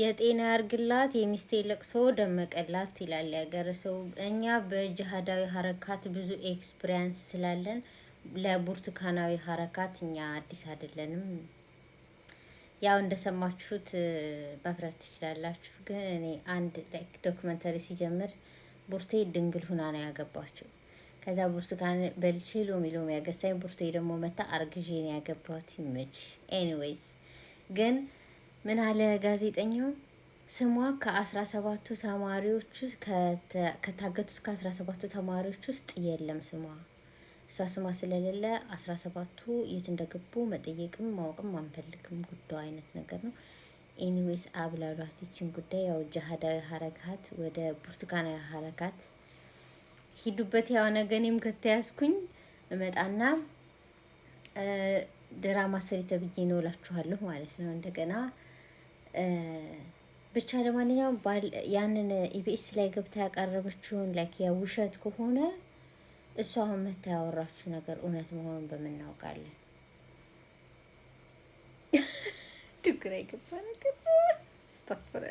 የጤና ያርግላት የሚስቴ ለቅሶ ደመቀላት ይላል ያገር ሰው። እኛ በጅሃዳዊ ሀረካት ብዙ ኤክስፒሪያንስ ስላለን ለቡርቱካናዊ ሀረካት እኛ አዲስ አይደለንም። ያው እንደሰማችሁት መፍረት ትችላላችሁ። ግን እኔ አንድ ላይክ ዶክመንተሪ ሲጀምር ቡርቴ ድንግል ሁና ነው ያገባችው። ከዛ ቡርቱካን በልቼ ሎሚ ሎሚ ያገሳኝ ቡርቴ ደግሞ መታ አርግዤ ነው ያገባት። ይመች ኤኒዌይስ ግን ምን አለ ጋዜጠኛው ስሟ ከአስራ ሰባቱ ተማሪዎች ከታገቱት ከአስራ ሰባቱ ተማሪዎች ውስጥ የለም። ስሟ እሷ ስማ ስለሌለ አስራ ሰባቱ የት እንደገቡ መጠየቅም ማወቅም አንፈልግም። ጉዳዩ አይነት ነገር ነው። ኤኒዌይስ አብላሏት ይችን ጉዳይ ያው ጃሃዳዊ ሀረካት ወደ ብርቱካናዊ ሀረካት ሂዱበት። ያው ነገ እኔም ከተያዝኩኝ እመጣና ድራማ ስሪ ተብዬ ነው እላችኋለሁ ማለት ነው እንደገና ብቻ ለማንኛውም ያንን ኢቢኤስ ላይ ገብታ ያቀረበችውን ላይክ የውሸት ከሆነ እሷ አሁን መታ ያወራችሁ ነገር እውነት መሆኑን በምናውቃለን። ድግራ ይገባ ነገር ስታፈረ